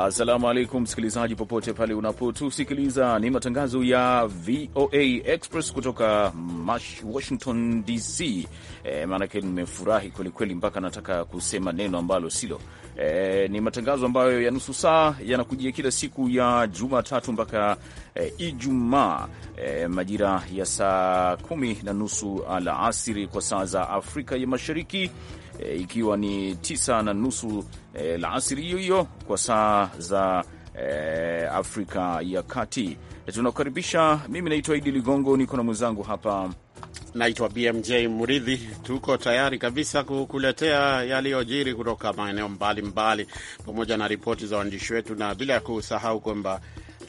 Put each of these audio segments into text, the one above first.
Assalamu alaikum msikilizaji, popote pale unapotusikiliza, ni matangazo ya VOA Express kutoka Washington DC. E, maanake nimefurahi kwelikweli mpaka nataka kusema neno ambalo silo. E, ni matangazo ambayo ya nusu saa yanakujia kila siku ya Jumatatu mpaka e, Ijumaa e, majira ya saa kumi na nusu alasiri kwa saa za Afrika ya Mashariki e, ikiwa ni tisa na nusu e, la asiri hiyo hiyo kwa saa za e, Afrika ya Kati. E, tunakukaribisha. Mimi naitwa Idi Ligongo, niko na mwenzangu hapa naitwa BMJ Muridhi. Tuko tayari kabisa kukuletea yaliyojiri kutoka maeneo mbalimbali, pamoja na ripoti za waandishi wetu, na bila ya kusahau kwamba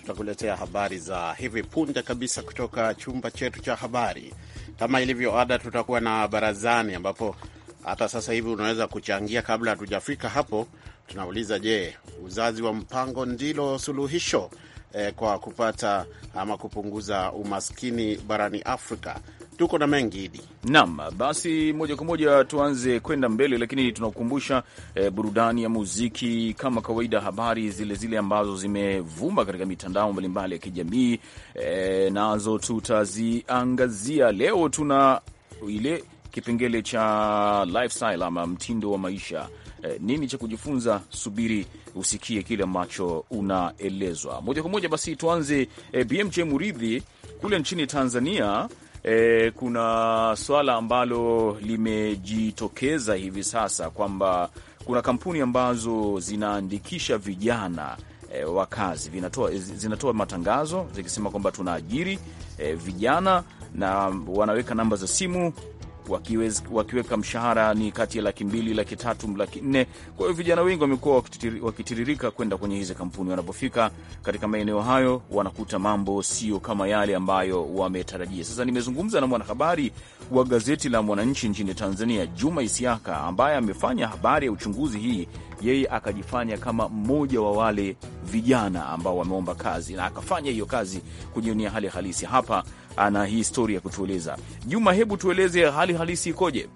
tutakuletea habari za hivi punde kabisa kutoka chumba chetu cha habari. Kama ilivyo ada, tutakuwa na barazani ambapo hata sasa hivi unaweza kuchangia. Kabla hatujafika hapo, tunauliza je, uzazi wa mpango ndilo suluhisho eh, kwa kupata ama kupunguza umaskini barani Afrika? Tuko na mengi hidi nam basi moja kwa moja tuanze kwenda mbele, lakini tunakukumbusha e, eh, burudani ya muziki kama kawaida, habari zile zile ambazo zimevuma katika mitandao mbalimbali ya kijamii e, nazo tutaziangazia leo. Tuna ile kipengele cha lifestyle ama mtindo wa maisha. E, nini cha kujifunza? Subiri usikie kile ambacho unaelezwa moja kwa moja. Basi tuanze. E, eh, BMJ Muridhi kule nchini Tanzania. E, kuna swala ambalo limejitokeza hivi sasa kwamba kuna kampuni ambazo zinaandikisha vijana e, wa kazi, vinatoa, zinatoa matangazo zikisema kwamba tunaajiri e, vijana na wanaweka namba za simu wakiweka mshahara ni kati ya laki mbili, laki tatu, laki nne. Kwa hiyo vijana wengi wamekuwa wakitiririka kwenda kwenye hizi kampuni. Wanapofika katika maeneo hayo, wanakuta mambo sio kama yale ambayo wametarajia. Sasa nimezungumza na mwanahabari wa gazeti la Mwananchi nchini Tanzania, Juma Isiaka, ambaye amefanya habari ya uchunguzi hii. Yeye akajifanya kama mmoja wa wale vijana ambao wameomba kazi na akafanya hiyo kazi kujionia hali halisi hapa ana historia ya kutueleza. Juma, hebu tueleze hali halisi ikoje?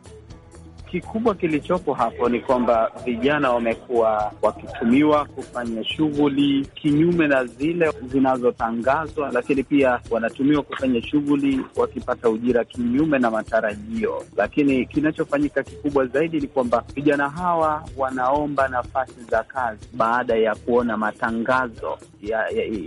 kikubwa kilichopo hapo ni kwamba vijana wamekuwa wakitumiwa kufanya shughuli kinyume na zile zinazotangazwa, lakini pia wanatumiwa kufanya shughuli wakipata ujira kinyume na matarajio. Lakini kinachofanyika kikubwa zaidi ni kwamba vijana hawa wanaomba nafasi za kazi baada ya kuona matangazo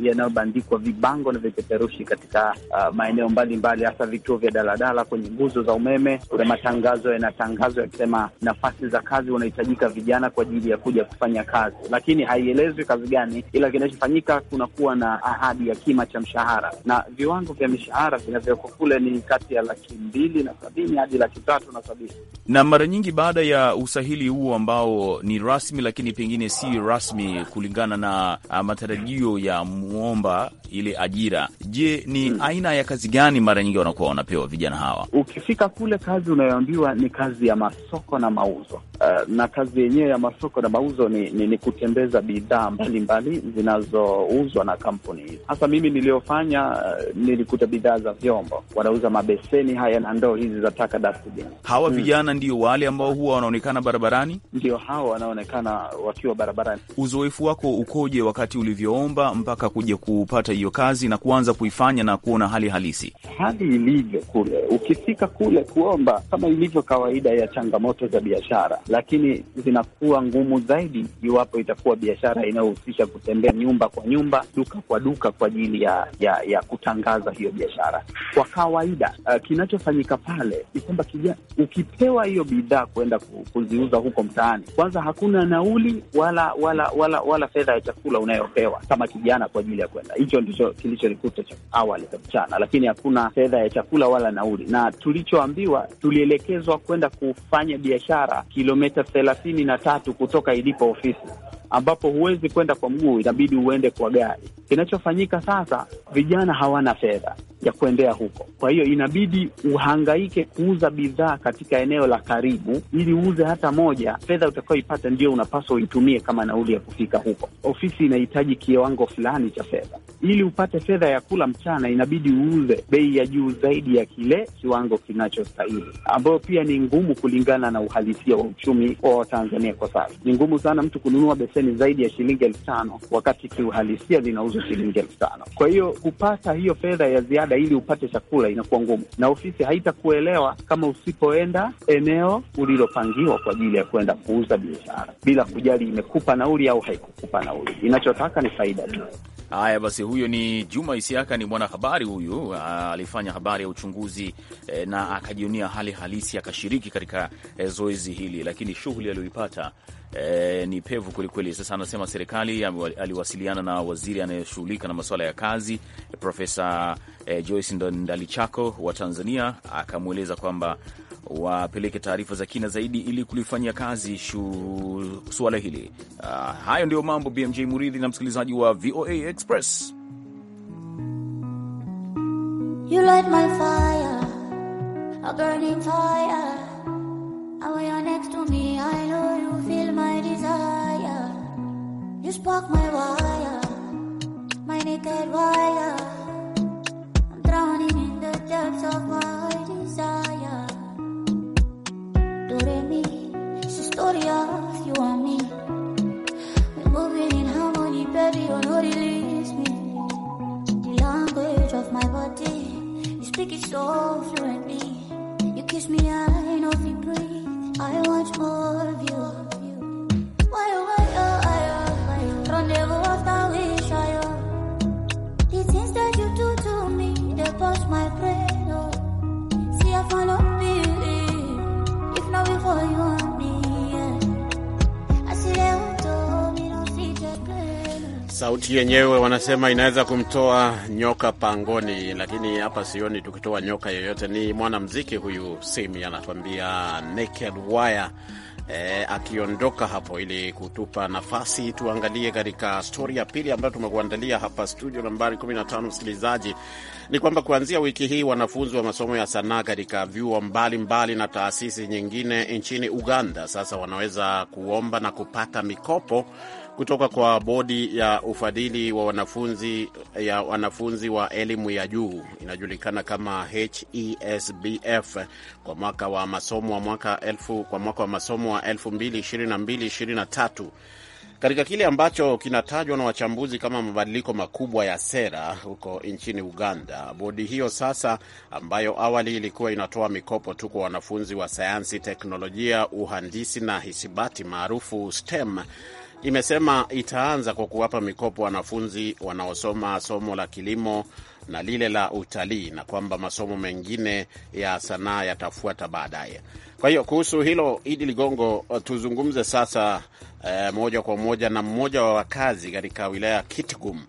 yanayobandikwa ya, ya vibango na vipeperushi katika uh, maeneo mbalimbali, hasa vituo vya daladala, kwenye nguzo za umeme. Kuna matangazo yanatangazwa wanasema nafasi za kazi, wanahitajika vijana kwa ajili ya kuja kufanya kazi, lakini haielezwi kazi gani, ila kinachofanyika kunakuwa na ahadi ya kima cha mshahara, na viwango vya mishahara vinavyowekwa kule ni kati ya laki mbili na sabini hadi laki tatu na sabini na mara nyingi baada ya usahili huo ambao ni rasmi lakini pengine si rasmi kulingana na ah, matarajio ya mwomba ile ajira. Je, ni hmm, aina ya kazi gani mara nyingi wanakuwa wanapewa vijana hawa? Ukifika kule kazi unayoambiwa ni kazi ya masomo masoko na mauzo uh, na kazi yenyewe ya masoko na mauzo ni, ni, ni kutembeza bidhaa mbalimbali zinazouzwa na kampuni hizi. Hasa mimi niliyofanya, uh, eh, nilikuta bidhaa za vyombo, wanauza mabeseni haya na ndoo hizi za taka dustbin. Hawa hmm. vijana hmm, ndio wale ambao huwa wanaonekana barabarani, ndio hawa wanaonekana wakiwa barabarani. Uzoefu wako ukoje wakati ulivyoomba mpaka kuja kupata hiyo kazi na kuanza kuifanya na kuona hali halisi, hali ilivyo kule, ukifika kule kuomba kama ilivyo kawaida ya changa changamoto za biashara, lakini zinakuwa ngumu zaidi iwapo itakuwa biashara inayohusisha kutembea nyumba kwa nyumba, duka kwa duka kwa ajili ya, ya, ya kutangaza hiyo biashara. Kwa kawaida uh, kinachofanyika pale ni kwamba ukipewa hiyo bidhaa kwenda kuziuza huko mtaani, kwanza hakuna nauli wala wala wala wala fedha ya chakula unayopewa kama kijana kwa ajili ya kwenda. Hicho ndicho kilichonikuta awali mchana, lakini hakuna fedha ya chakula wala nauli, na tulichoambiwa tulielekezwa kwenda kufa kufanya biashara kilomita thelathini na tatu kutoka ilipo ofisi ambapo huwezi kwenda kwa mguu, inabidi uende kwa gari. Kinachofanyika sasa, vijana hawana fedha, ya kuendea huko. Kwa hiyo inabidi uhangaike kuuza bidhaa katika eneo la karibu, ili uuze hata moja. Fedha utakayoipata ndio unapaswa uitumie kama nauli ya kufika huko. Ofisi inahitaji kiwango fulani cha fedha, ili upate fedha ya kula mchana, inabidi uuze bei ya juu zaidi ya kile kiwango kinachostahili, ambayo pia ni ngumu kulingana na uhalisia wa uchumi wa Watanzania kwa sasa. Ni ngumu sana mtu kununua beseni zaidi ya shilingi elfu tano wakati kiuhalisia zinauzwa shilingi elfu tano. Kwa hiyo kupata hiyo fedha ya ziada msaada ili upate chakula inakuwa ngumu, na ofisi haitakuelewa kama usipoenda eneo ulilopangiwa kwa ajili ya kwenda kuuza biashara, bila kujali imekupa nauli au haikukupa nauli. Inachotaka ni faida tu. Haya basi, huyo ni Juma Isiaka, ni mwanahabari huyu. Ah, alifanya habari ya uchunguzi e, na akajionia hali halisi, akashiriki katika e, zoezi hili, lakini shughuli aliyoipata e, ni pevu kwelikweli. Sasa anasema serikali aliwasiliana na waziri anayeshughulika na masuala ya kazi Profesa e, Joyce Ndalichako wa Tanzania, akamweleza kwamba wapeleke taarifa za kina zaidi ili kulifanyia kazi shu... suala hili. Uh, hayo ndiyo mambo BMJ Muridhi na msikilizaji wa VOA Express. You light my fire, a burning fire. you're next to me, I know you feel my desire. You spark my wire, my naked wire. I'm drowning in the depths of my Yeah. nchi yenyewe wanasema inaweza kumtoa nyoka pangoni, lakini hapa sioni tukitoa nyoka yoyote. Ni mwanamziki huyu Simi anatuambia Naked Wire. E, akiondoka hapo ili kutupa nafasi tuangalie katika stori ya pili ambayo tumekuandalia hapa studio nambari 15, msikilizaji ni kwamba kuanzia wiki hii wanafunzi wa masomo ya sanaa katika vyuo mbalimbali na taasisi nyingine nchini Uganda sasa wanaweza kuomba na kupata mikopo kutoka kwa bodi ya ufadhili wa wanafunzi ya wanafunzi wa elimu ya juu inajulikana kama HESBF kwa mwaka wa masomo wa mwaka elfu kwa mwaka wa masomo wa 2022 2023 katika kile ambacho kinatajwa na wachambuzi kama mabadiliko makubwa ya sera huko nchini Uganda. Bodi hiyo sasa, ambayo awali ilikuwa inatoa mikopo tu kwa wanafunzi wa sayansi, teknolojia, uhandisi na hisibati maarufu STEM, imesema itaanza kwa kuwapa mikopo wanafunzi wanaosoma somo la kilimo na lile la utalii, na kwamba masomo mengine ya sanaa yatafuata baadaye. Kwa hiyo kuhusu hilo Idi Ligongo, tuzungumze sasa eh, moja kwa moja na mmoja wa wakazi katika wilaya ya Kitgum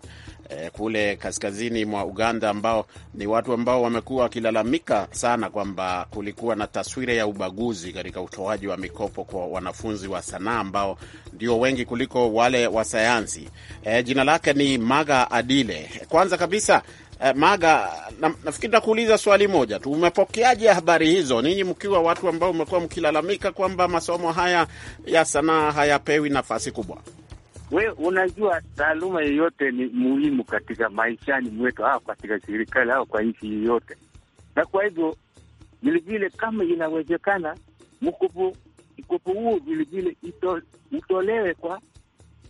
eh, kule kaskazini mwa Uganda, ambao ni watu ambao wamekuwa wakilalamika sana kwamba kulikuwa na taswira ya ubaguzi katika utoaji wa mikopo kwa wanafunzi wa sanaa ambao ndio wengi kuliko wale wa sayansi. Eh, jina lake ni Maga Adile. Kwanza kabisa Eh, Maga, na, nafikiri nakuuliza swali moja tu. Umepokeaje habari hizo ninyi mkiwa watu ambao umekuwa mkilalamika kwamba masomo haya ya sanaa hayapewi nafasi kubwa? We unajua taaluma yoyote ni muhimu katika maishani mwetu au katika serikali au kwa nchi yoyote, na kwa hivyo vilevile kama inawezekana mkopo huo vilevile ito, utolewe kwa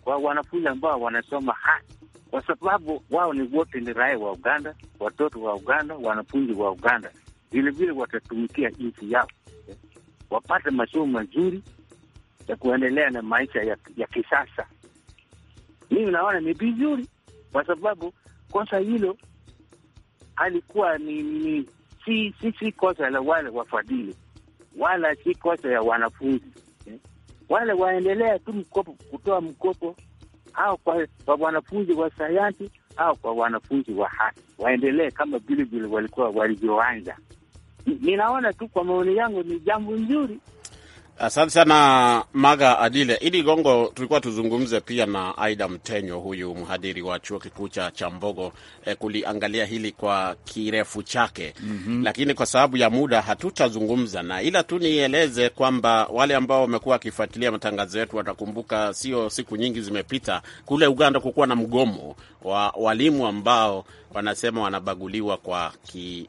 wa wanafunzi ambao wanasoma hai kwa sababu wao ni wote ni raia wa Uganda, watoto wa Uganda, wanafunzi wa Uganda vilevile watatumikia nchi yao, wapate masomo mazuri ya kuendelea na maisha ya, ya kisasa. Mimi naona ni vizuri, kwa sababu kosa hilo alikuwa ni, ni si, si, si kosa la wale wafadhili wala si kosa ya wanafunzi wale waendelea tu mkopo kutoa mkopo au kwa, kwa wanafunzi wa sayansi au kwa wanafunzi wa haki waendelee kama vile vile walikuwa walivyoanza. Ninaona tu kwa maoni yangu ni jambo nzuri. Asante sana Maga Adile Idi Gongo. Tulikuwa tuzungumze pia na Aida Mtenyo, huyu mhadhiri wa chuo kikuu cha Chambogo, eh, kuliangalia hili kwa kirefu chake mm -hmm. Lakini kwa sababu ya muda hatutazungumza na, ila tu nieleze kwamba wale ambao wamekuwa wakifuatilia matangazo yetu watakumbuka, sio siku nyingi zimepita, kule Uganda kukuwa na mgomo wa walimu ambao wanasema wanabaguliwa kwa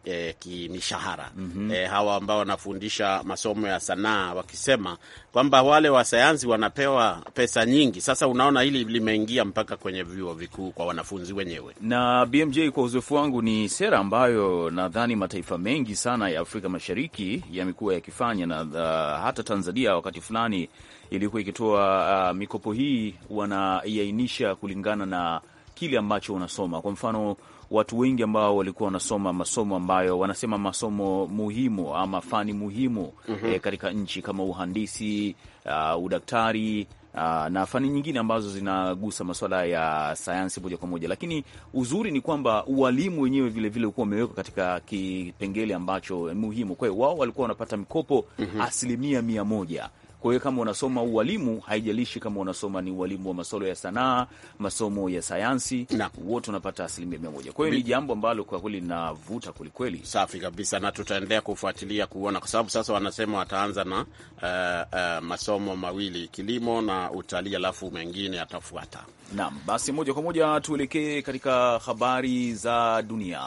eh, kimishahara ki mm -hmm. eh, hawa ambao wanafundisha masomo ya sanaa wakisema kusema kwamba wale wasayansi wanapewa pesa nyingi. Sasa unaona hili limeingia mpaka kwenye vyuo vikuu kwa wanafunzi wenyewe. Na BMJ, kwa uzoefu wangu, ni sera ambayo nadhani mataifa mengi sana ya Afrika Mashariki yamekuwa yakifanya na uh, hata Tanzania wakati fulani ilikuwa ikitoa uh, mikopo hii wanaiainisha kulingana na kile ambacho unasoma. Kwa mfano watu wengi ambao walikuwa wanasoma masomo ambayo wanasema masomo muhimu ama fani muhimu mm -hmm. e, katika nchi kama uhandisi uh, udaktari uh, na fani nyingine ambazo zinagusa masuala ya sayansi moja kwa moja, lakini uzuri ni kwamba ualimu wenyewe vilevile ulikuwa umewekwa katika kipengele ambacho muhimu. Kwa hiyo wao walikuwa wanapata mikopo mm -hmm. asilimia mia moja kwa hiyo kama unasoma ualimu, haijalishi kama unasoma ni ualimu wa masomo ya sanaa, masomo ya sayansi, wote unapata asilimia mia moja. Kwa hiyo ni jambo ambalo kwa kweli linavuta kwelikweli. Safi kabisa, na tutaendelea kufuatilia kuona, kwa sababu sasa wanasema wataanza na uh, uh, masomo mawili, kilimo na utalii, alafu mengine yatafuata. Naam, basi moja kwa moja tuelekee katika habari za dunia.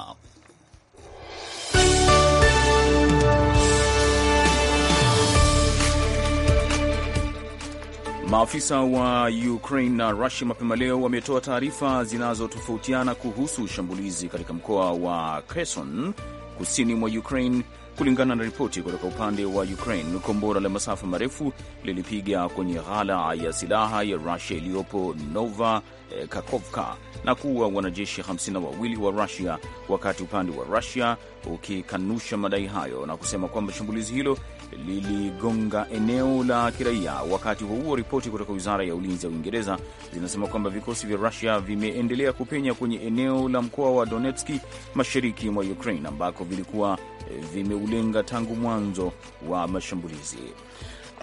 Maafisa wa Ukraine na Rusia mapema leo wametoa taarifa zinazotofautiana kuhusu shambulizi katika mkoa wa Kherson kusini mwa Ukraine. Kulingana na ripoti kutoka upande wa Ukraine, kombora la masafa marefu lilipiga kwenye ghala ya silaha ya Rusia iliyopo Nova eh, Kakovka na kuua wanajeshi wawili wa Rusia, wakati upande wa Rusia ukikanusha madai hayo na kusema kwamba shambulizi hilo liligonga eneo la kiraia. Wakati huo huo, ripoti kutoka wizara ya ulinzi ya Uingereza zinasema kwamba vikosi vya Rusia vimeendelea kupenya kwenye eneo la mkoa wa Donetski mashariki mwa Ukraine ambako vilikuwa eh, vimeulenga tangu mwanzo wa mashambulizi.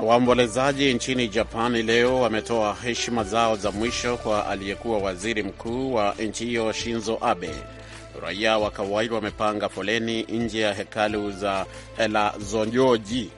Waombolezaji nchini Japani leo wametoa heshima zao za mwisho kwa aliyekuwa waziri mkuu wa nchi hiyo Shinzo Abe raia wa kawaida wamepanga foleni nje ya hekalu za la Zonjoji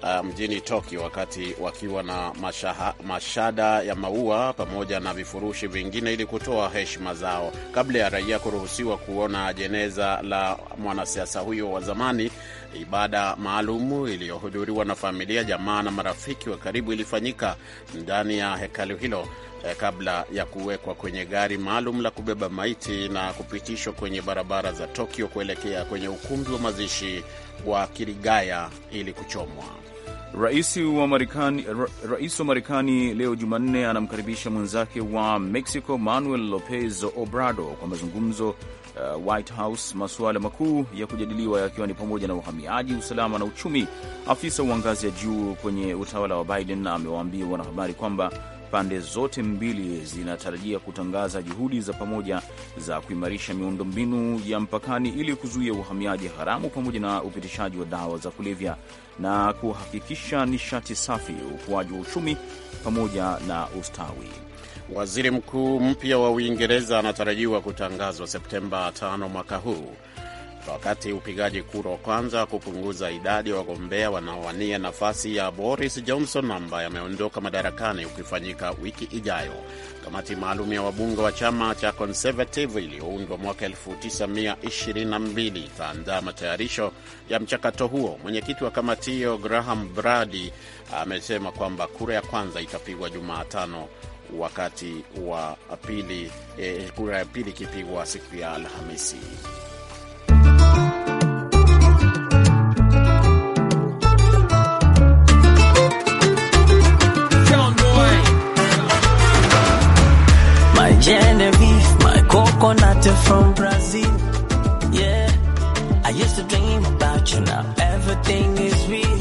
mjini uh, mjini Tokyo wakati wakiwa na mashaha, mashada ya maua pamoja na vifurushi vingine ili kutoa heshima zao kabla ya raia kuruhusiwa kuona jeneza la mwanasiasa huyo wa zamani Ibada maalumu iliyohudhuriwa na familia, jamaa na marafiki wa karibu ilifanyika ndani ya hekalu hilo eh, kabla ya kuwekwa kwenye gari maalum la kubeba maiti na kupitishwa kwenye barabara za Tokyo kuelekea kwenye ukumbi wa mazishi wa Kirigaya ili kuchomwa. Rais wa Marekani ra, leo Jumanne anamkaribisha mwenzake wa Mexico Manuel Lopez Obrador kwa mazungumzo uh, White House, masuala makuu ya kujadiliwa yakiwa ni pamoja na uhamiaji, usalama na uchumi. Afisa wa ngazi ya juu kwenye utawala wa Biden amewaambia wanahabari kwamba pande zote mbili zinatarajia kutangaza juhudi za pamoja za kuimarisha miundombinu ya mpakani ili kuzuia uhamiaji haramu pamoja na upitishaji wa dawa za kulevya na kuhakikisha nishati safi, ukuaji wa uchumi pamoja na ustawi. Waziri mkuu mpya wa Uingereza anatarajiwa kutangazwa Septemba 5 mwaka huu, wakati upigaji kura wa kwanza kupunguza idadi ya wagombea wanaowania nafasi ya Boris Johnson ambaye ameondoka madarakani ukifanyika wiki ijayo. Kamati maalum ya wabunge wa chama cha Conservative iliyoundwa mwaka 1922 itaandaa matayarisho ya mchakato huo. Mwenyekiti wa kamati hiyo Graham Brady amesema kwamba kura ya kwanza itapigwa Jumatano wakati wa pili, eh, kura ya pili ikipigwa siku ya Alhamisi. Yeah, I used to dream about you, now everything is real.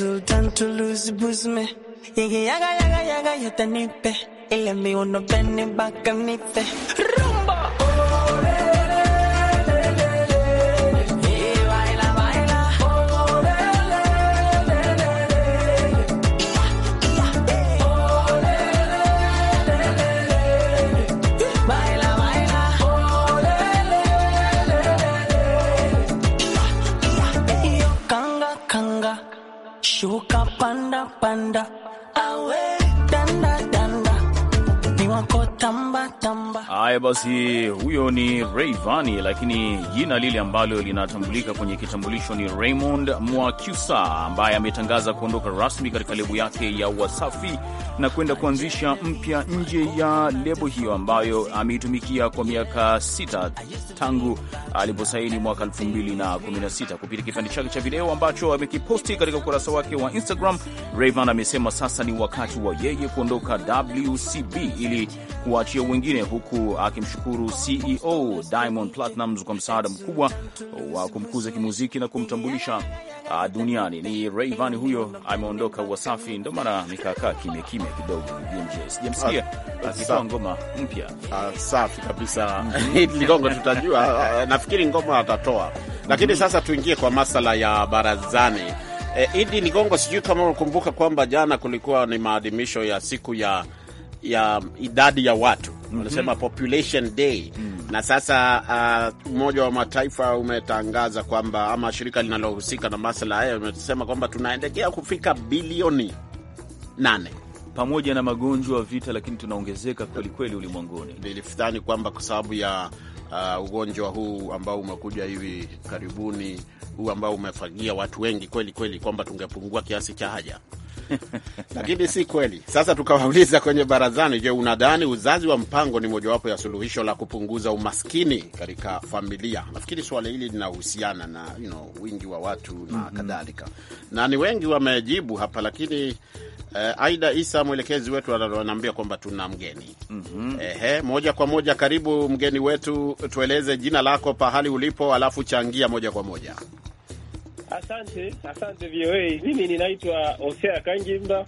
Sultan ya Buzme. ya yaga yaga yaga yata nipe. mi uno nipe. basi huyo ni Rayvanny, lakini jina lile ambalo linatambulika kwenye kitambulisho ni Raymond Mwakyusa ambaye ametangaza kuondoka rasmi katika lebo yake ya Wasafi na kwenda kuanzisha mpya nje ya lebo hiyo ambayo ameitumikia kwa miaka sita tangu aliposaini mwaka 2016 kupitia kipande chake cha video ambacho amekiposti katika ukurasa wake wa Instagram. Rayvanny amesema sasa ni wakati wa yeye kuondoka WCB ili kuwaachia wengine, huku akimshukuru CEO Diamond Platnumz kwa msaada mkubwa wa kumkuza kimuziki na kumtambulisha ah, duniani. Ni Rayvanny huyo ameondoka Wasafi, ndo maana nikakaa kimya kimya kidogo, sijamsikia akitoa ngoma mpya ah, safi kabisa ah. Ligongo, tutajua nafikiri ngoma atatoa, lakini mhm. sasa tuingie kwa masala ya barazani. E, Idi Ligongo, sijui kama unakumbuka kwamba jana kulikuwa ni maadhimisho ya siku ya ya idadi ya watu mhm. wanasema mm -hmm. population day mm -hmm. Na sasa uh, Umoja uh, wa Mataifa umetangaza kwamba ama shirika linalohusika na masuala hayo umesema kwamba tunaendelea kufika bilioni nane pamoja na magonjwa vita, lakini tunaongezeka kwelikweli ulimwenguni. nilifudhani kwamba kwa sababu ya uh, ugonjwa huu ambao umekuja hivi karibuni huu ambao umefagia watu wengi kweli kweli, kwamba tungepungua kiasi cha haja lakini si kweli. Sasa tukawauliza kwenye barazani, je, unadhani uzazi wa mpango ni mojawapo ya suluhisho la kupunguza umaskini katika familia? Nafikiri swala hili linahusiana na you know, wingi wa watu na mm -hmm. kadhalika, na ni wengi wamejibu hapa, lakini eh, Aida Isa mwelekezi wetu anaambia kwamba tuna mgeni mm -hmm. Ehe, moja kwa moja karibu mgeni wetu, tueleze jina lako, pahali ulipo, alafu changia moja kwa moja. Asante, asante VOA. Mimi ninaitwa Hosea Kanjimba,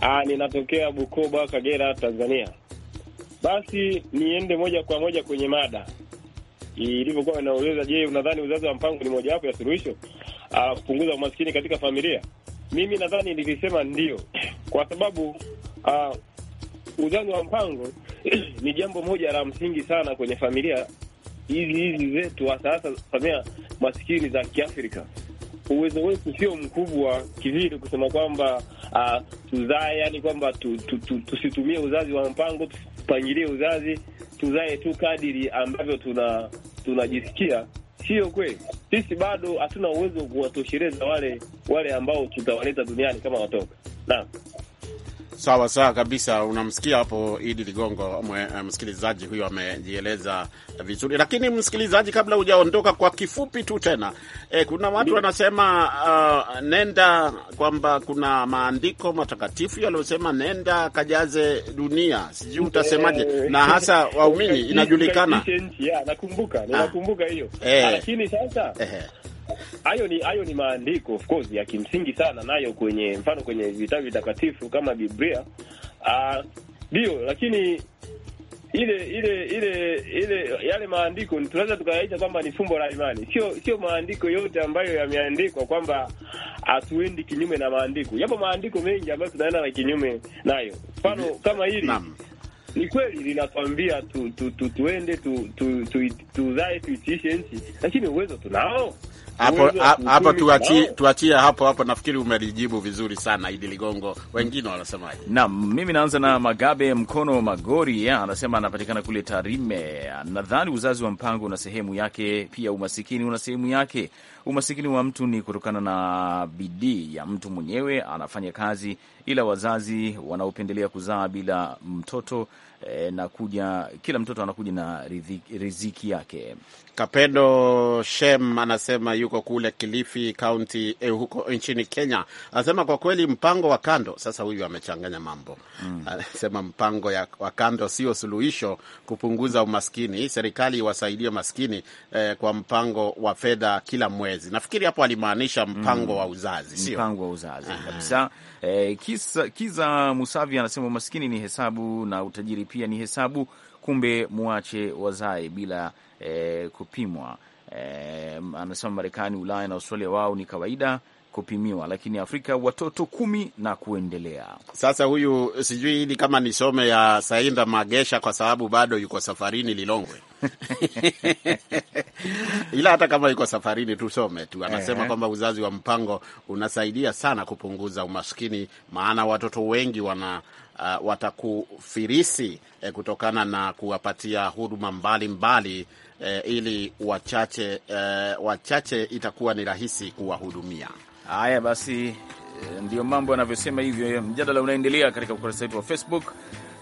ah, ninatokea Bukoba, Kagera, Tanzania. Basi niende moja kwa moja kwenye mada ilivyokuwa inauliza, je, unadhani uzazi wa mpango ni mojawapo ya suluhisho ah, kupunguza umaskini katika familia? Mimi nadhani nilisema ndio, kwa sababu uh, uzazi wa mpango ni jambo moja la msingi sana kwenye familia hizi hizi zetu, hasa hasa familia maskini za Kiafrika uwezo wetu sio mkubwa kivile kusema kwamba uh, tuzae, yani kwamba tu, tu, tu, tusitumie uzazi wa mpango, tupangilie uzazi, tuzae tu kadiri ambavyo tuna tunajisikia. Sio kweli, sisi bado hatuna uwezo wa kuwatosheleza wale wale ambao tutawaleta duniani kama watoka. Naam. Sawa sawa kabisa, unamsikia hapo Idi Ligongo, eh, msikilizaji huyo amejieleza vizuri. Lakini msikilizaji, kabla hujaondoka, kwa kifupi tu tena e, kuna watu wanasema uh, nenda kwamba kuna maandiko matakatifu yaliyosema nenda kajaze dunia, sijui utasemaje, eh. na hasa waumini inajulikana, nakumbuka, ah. nakumbuka hiyo, lakini sasa Hayo ni hayo ni maandiko of course ya kimsingi sana, nayo kwenye mfano kwenye vitabu vitakatifu kama Biblia ah, ndio, uh, lakini ile ile ile ile yale maandiko tunaweza tukayaita kwamba ni fumbo la imani. Sio sio maandiko yote ambayo yameandikwa kwamba hatuendi kinyume na maandiko. Yapo maandiko mengi ambayo tunaenda na kinyume nayo, mfano mm -hmm. kama hili Naam. Ni kweli linatuambia tu, tu, tu, tuende tu, tu, tu, tu, tuitiishe nchi, lakini uwezo tunao hapo hapo, tuachie tuachie hapo hapo. Nafikiri umelijibu vizuri sana, Idi Ligongo. Wengine wanasemaje? Naam, mimi naanza na Magabe Mkono Magori, anasema anapatikana kule Tarime. Nadhani uzazi wa mpango una sehemu yake, pia umasikini una sehemu yake. Umasikini wa mtu ni kutokana na bidii ya mtu mwenyewe, anafanya kazi, ila wazazi wanaopendelea kuzaa bila mtoto eh, na kuja kila mtoto anakuja na riziki, riziki yake. Kapedo Shem anasema yuko kule Kilifi kaunti eh, huko nchini Kenya. Anasema kwa kweli mpango wa kando, sasa huyu amechanganya mambo mm. Anasema mpango ya, wa kando sio suluhisho kupunguza umaskini. Serikali iwasaidie maskini eh, kwa mpango wa fedha kila mwezi. Nafikiri hapo alimaanisha mpango mm. wa uzazi, sio mpango wa uzazi kabisa. Eh, kisa, Kiza Musavi anasema umaskini ni hesabu na utajiri pia ni hesabu kumbe muache wazae bila e, kupimwa. E, anasema Marekani, Ulaya na Australia wao ni kawaida kupimiwa lakini Afrika watoto kumi na kuendelea. Sasa huyu sijui ni kama nisome ya Sainda Magesha kwa sababu bado yuko safarini Lilongwe ila hata kama yuko safarini tusome tu, anasema eh. kwamba uzazi wa mpango unasaidia sana kupunguza umaskini, maana watoto wengi wana uh, watakufirisi eh, kutokana na kuwapatia huduma mbalimbali eh, ili wachache eh, wachache itakuwa ni rahisi kuwahudumia. Haya basi, eh, ndiyo mambo yanavyosema hivyo. Mjadala unaendelea katika ukurasa wetu wa Facebook.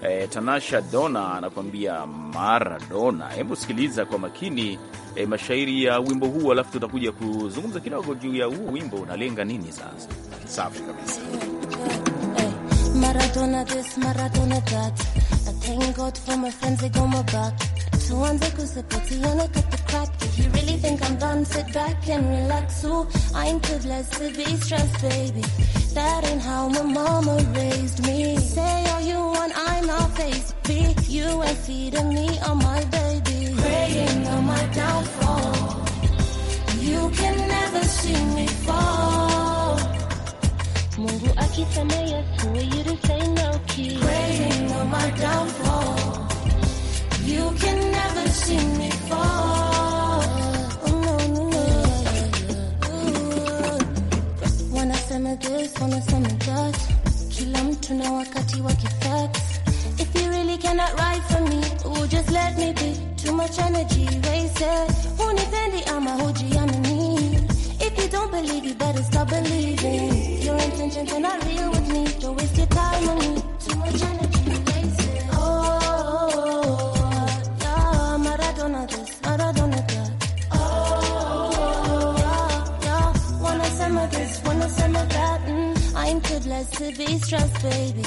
Eh, Tanasha Dona anakuambia Maradona. Hebu sikiliza kwa makini eh, mashairi ya wimbo huu, alafu tutakuja kuzungumza kidogo juu ya huu wimbo unalenga nini sasa. Safi kabisa. Maradona this, Maradona that. I thank God for my friends, they got my back. So Tuanze kusipotiana cut the crap. If you really think I'm done, sit back and relax. Ooh, I ain't blessed to be stressed, baby. That ain't how my mama raised me. Say all you want, I'm not faced. B, you ain't feeding me on my baby. Praying on my downfall. You can never see me fall. Mungu akifanya Praying on my downfall. You can never see me fall. this, that. facts. If you really cannot ride for me, oh just let me be. Too much energy wasted. If you don't believe, you better stop intentions are not real with me. Don't waste your time on me. Too much energy wasted. Oh, yeah, Maradona this, Maradona that. Oh, yeah, wanna summer this, wanna summer that. Mm, I'm too blessed to be stressed, baby.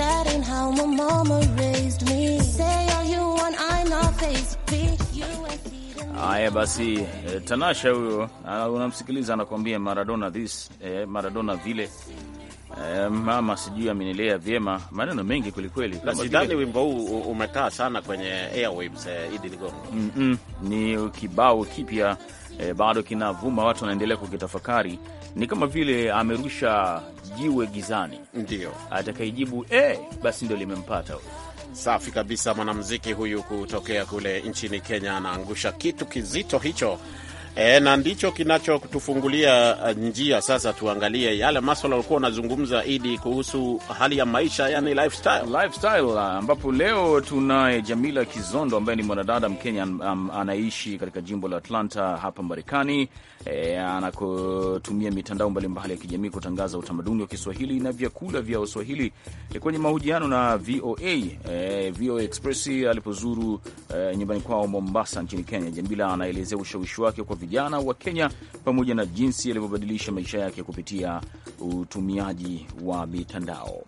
That ain't how my mama raised me. Say all you want, I'm not faced. Haya basi, eh, Tanasha huyo uh, unamsikiliza anakuambia Maradona this eh, Maradona vile eh, mama sijui amenilea vyema, maneno mengi kwelikweli. Sidhani wimbo huu umekaa sana kwenye airwaves eh, Idi Ligongo mm -mm, ni kibao kipya eh, bado kinavuma, watu wanaendelea kukitafakari. Ni kama vile amerusha jiwe gizani, ndio atakaijibu eh, basi ndio limempata huyo. Safi kabisa, mwanamuziki huyu kutokea kule nchini Kenya anaangusha kitu kizito hicho. E, na ndicho kinachotufungulia uh, njia sasa. Tuangalie yale maswala alikuwa unazungumza Idi kuhusu hali ya maisha, yani lifestyle, lifestyle uh, ambapo leo tunaye Jamila Kizondo ambaye ni mwanadada Mkenya um, anaishi katika jimbo la Atlanta hapa Marekani. E, anakotumia mitandao mbalimbali ya kijamii kutangaza utamaduni wa Kiswahili na vyakula vya Waswahili e, kwenye mahojiano na VOA e, VOA Express alipozuru e, nyumbani kwao Mombasa nchini Kenya, Jamila anaelezea ushawishi wake kwa vijana wa Kenya pamoja na jinsi alivyobadilisha maisha yake kupitia utumiaji wa mitandao.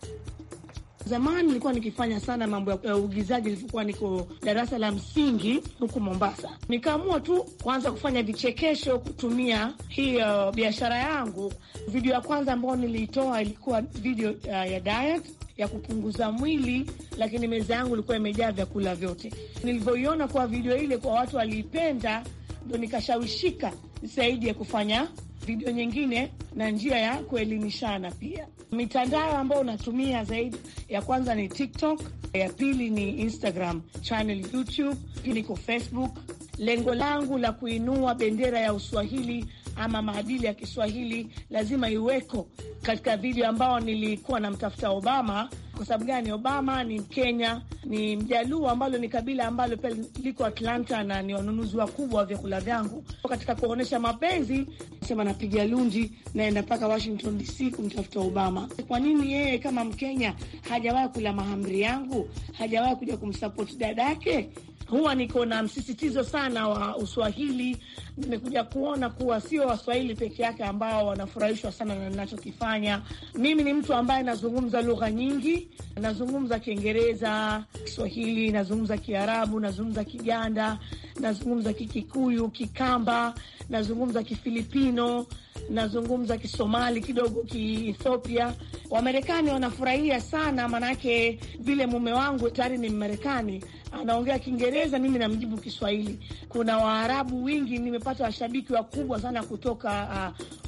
Zamani nilikuwa nikifanya sana mambo ya uigizaji nilipokuwa niko darasa la msingi huku Mombasa. Nikaamua tu kuanza kufanya vichekesho kutumia hii uh, biashara yangu. Video ya kwanza ambayo niliitoa ilikuwa video uh, ya diet ya kupunguza mwili, lakini meza yangu ilikuwa imejaa vyakula vyote. Nilivyoiona kwa video ile, kwa watu waliipenda ndo nikashawishika zaidi ya kufanya video nyingine na njia ya kuelimishana pia. Mitandao ambayo unatumia zaidi, ya kwanza ni TikTok, ya pili ni Instagram channel, YouTube, niko Facebook. Lengo langu la kuinua bendera ya Uswahili ama maadili ya Kiswahili lazima iweko katika video ambao nilikuwa namtafuta Obama. Kwa sababu gani? Obama ni Mkenya, ni Mjaluo, ambalo ni kabila ambalo pia liko Atlanta na ni wanunuzi wakubwa wa vyakula vyangu. Katika kuonyesha mapenzi, sema napiga lundi, naenda mpaka Washington DC kumtafuta Obama. Kwa nini yeye kama Mkenya hajawahi kula mahamri yangu, hajawahi kuja kumsapoti dadake? huwa niko na msisitizo sana wa Uswahili. Nimekuja kuona kuwa sio Waswahili peke yake ambao wanafurahishwa sana na ninachokifanya. Mimi ni mtu ambaye nazungumza lugha nyingi, nazungumza Kiingereza, Kiswahili, nazungumza Kiarabu, nazungumza Kiganda, nazungumza Kikikuyu, Kikamba, nazungumza Kifilipino, nazungumza Kisomali kidogo, Kiethiopia. Wamarekani wanafurahia sana, maanake vile mume wangu tayari ni Mmarekani anaongea Kiingereza, mimi namjibu Kiswahili. Kuna Waarabu wingi, nimepata washabiki wakubwa sana kutoka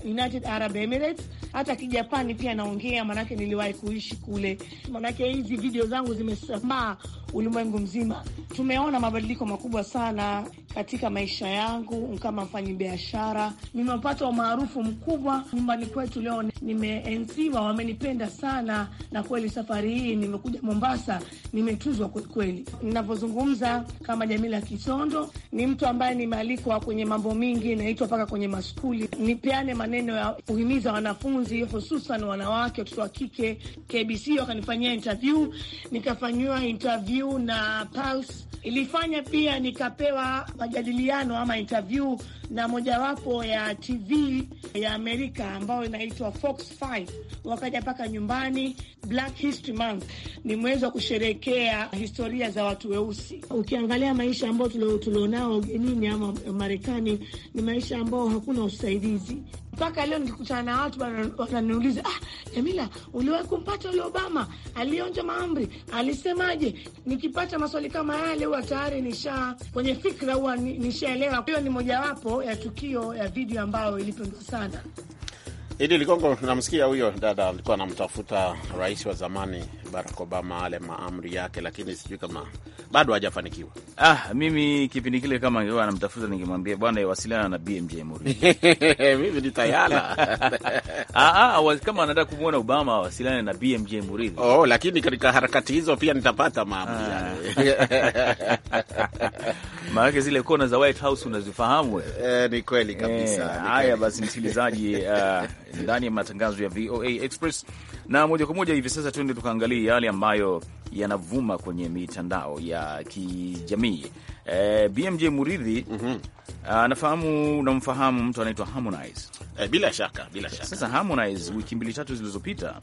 uh, United Arab Emirates. Hata Kijapani pia naongea, maanake niliwahi kuishi kule, maanake hizi video zangu zimesambaa ulimwengu mzima. Tumeona mabadiliko makubwa sana katika maisha yangu kama biashara Nimepata umaarufu mkubwa nyumbani kwetu. Leo nimeenziwa, wamenipenda sana, na kweli safari hii nimekuja Mombasa, nimetuzwa kwelikweli ninavyo ninavyozungumza kama Jamila Kisondo, ni mtu ambaye nimealikwa kwenye mambo mingi, inaitwa mpaka kwenye maskuli, nipeane maneno ya kuhimiza wanafunzi, hususan wanawake, watoto wa kike. KBC wakanifanyia interview, nikafanyiwa interview na Pulse ilifanya pia, nikapewa majadiliano ama interview na mojawapo ya TV ya Amerika ambayo inaitwa Fox 5. Wakaja mpaka nyumbani. Black History Month ni mwezi wa kusherehekea historia za watu weu weusi. Ukiangalia maisha ambayo tulionao ugenini ama Marekani ni maisha ambayo hakuna usaidizi. Mpaka leo nikikutana na watu wananiuliza, ah, Jamila, uliwahi kumpata ule Obama alionja maamri, alisemaje? Nikipata maswali kama yale, huwa tayari nisha kwenye fikra, huwa nishaelewa. Hiyo ni mojawapo ya tukio ya video ambayo ilipendwa sana. Idi Ligongo, namsikia huyo dada alikuwa anamtafuta rais wa zamani Barack Obama, ale maamri yake, lakini sijui kama bado hajafanikiwa. Ah, mimi kipindi kile kama anamtafuta ningemwambia bwana wasiliana na BMJ Muridhi. Mimi tayala. Ah, ah, kama anataka kumwona Obama wasiliane na BMJ Muridhi. Oh, lakini katika harakati hizo pia nitapata maamuzi ah. yale. Maana zile kona za White House unazifahamu wewe. Eh, ni kweli eh, kabisa. Haya basi msikilizaji, ah, ndani ya matangazo ya VOA Express na moja kwa moja hivi sasa tuende tukaangalia yale ambayo yanavuma kwenye mitandao ya kijamii. E, BMJ Muridhi mhm. anafahamu mm -hmm. Unamfahamu mtu anaitwa Harmonize e, bila shaka, bila shaka. Sasa Harmonize wiki mbili tatu zilizopita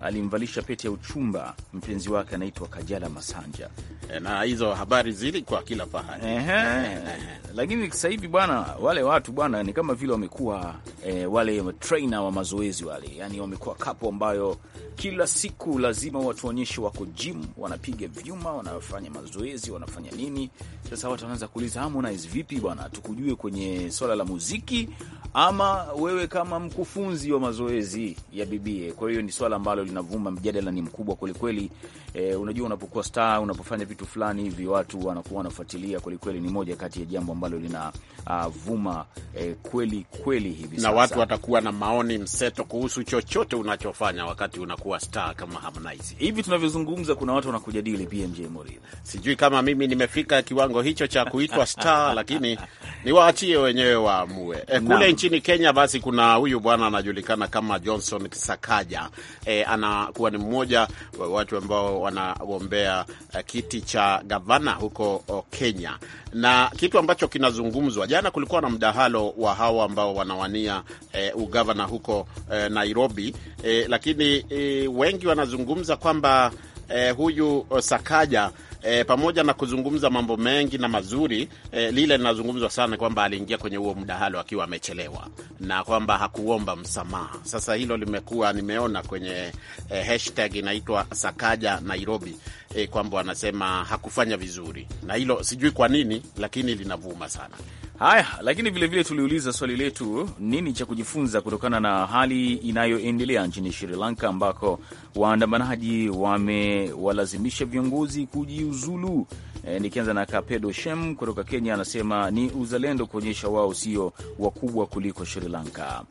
alimvalisha pete ya uchumba mpenzi wake anaitwa Kajala Masanja, E, na hizo habari zili kwa kila pahali. e, e, e, Lakini sasa hivi bwana, wale watu bwana, ni kama vile wamekuwa e, wale trainer wa mazoezi wale, yani wamekuwa kapo ambayo kila siku lazima watu waonyeshe wako jim, wanapiga vyuma, wanafanya mazoezi, wanafanya nini. Sasa watu wanaanza kuuliza Harmonize, vipi bwana, tukujue kwenye swala la muziki ama wewe kama mkufunzi wa mazoezi ya bibie? Kwa hiyo ni swala ambalo linavuma, mjadala ni mkubwa kwelikweli. E, unajua unapokuwa star, unapofanya vitu fulani hivi watu wanakuwa wanafuatilia kwelikweli. Ni moja kati ya jambo ambalo lina uh, vuma e, kweli kweli hivi sasa, na watu watakuwa na maoni mseto kuhusu chochote unachofanya wakati unakuwa star kama Harmonize. Hivi tunavyozungumza, kuna watu wanakujadili BMJ Moridhi. Sijui kama mimi nimefika kiwango hicho cha kuitwa star lakini niwaachie wenyewe waamue. E, kule nchini Kenya basi kuna huyu bwana anajulikana kama Johnson Kisakaja e, anakuwa ni mmoja wa watu ambao wanagombea eh, kiti cha gavana huko oh, Kenya, na kitu ambacho kinazungumzwa, jana kulikuwa na mdahalo wa hawa ambao wanawania e, ugavana huko e, Nairobi e, lakini e, wengi wanazungumza kwamba eh, huyu Sakaja eh, pamoja na kuzungumza mambo mengi na mazuri eh, lile linazungumzwa sana kwamba aliingia kwenye huo mdahalo akiwa amechelewa na kwamba hakuomba msamaha. Sasa hilo limekuwa nimeona kwenye eh, hashtag inaitwa Sakaja Nairobi eh, kwamba wanasema hakufanya vizuri, na hilo sijui kwa nini, lakini linavuma sana. Haya, lakini vilevile tuliuliza swali letu, nini cha kujifunza kutokana na hali inayoendelea nchini Sri Lanka ambako waandamanaji wamewalazimisha viongozi kujiuzulu. E, nikianza na Kapedo Shem kutoka Kenya, anasema ni uzalendo kuonyesha wao sio wakubwa kuliko Sri Lanka.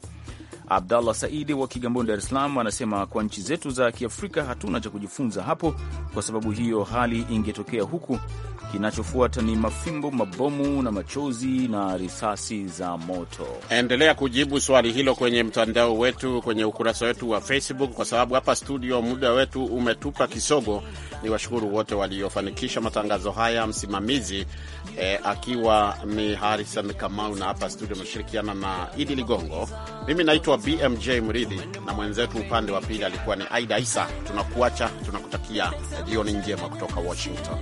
Abdallah Saidi wa Kigamboni, Dar es Salaam, anasema kwa nchi zetu za Kiafrika hatuna cha kujifunza hapo, kwa sababu hiyo hali ingetokea huku. Kinachofuata ni mafimbo, mabomu na machozi na risasi za moto. Endelea kujibu swali hilo kwenye mtandao wetu, kwenye ukurasa wetu wa Facebook, kwa sababu hapa studio muda wetu umetupa kisogo. Ni washukuru wote waliofanikisha matangazo haya, msimamizi eh, akiwa ni Harison Kamau, na hapa studio ameshirikiana na Idi Ligongo. Mimi naitwa BMJ Mridhi na mwenzetu upande wa pili alikuwa ni Aida Isa. Tunakuacha, tunakutakia jioni njema kutoka Washington.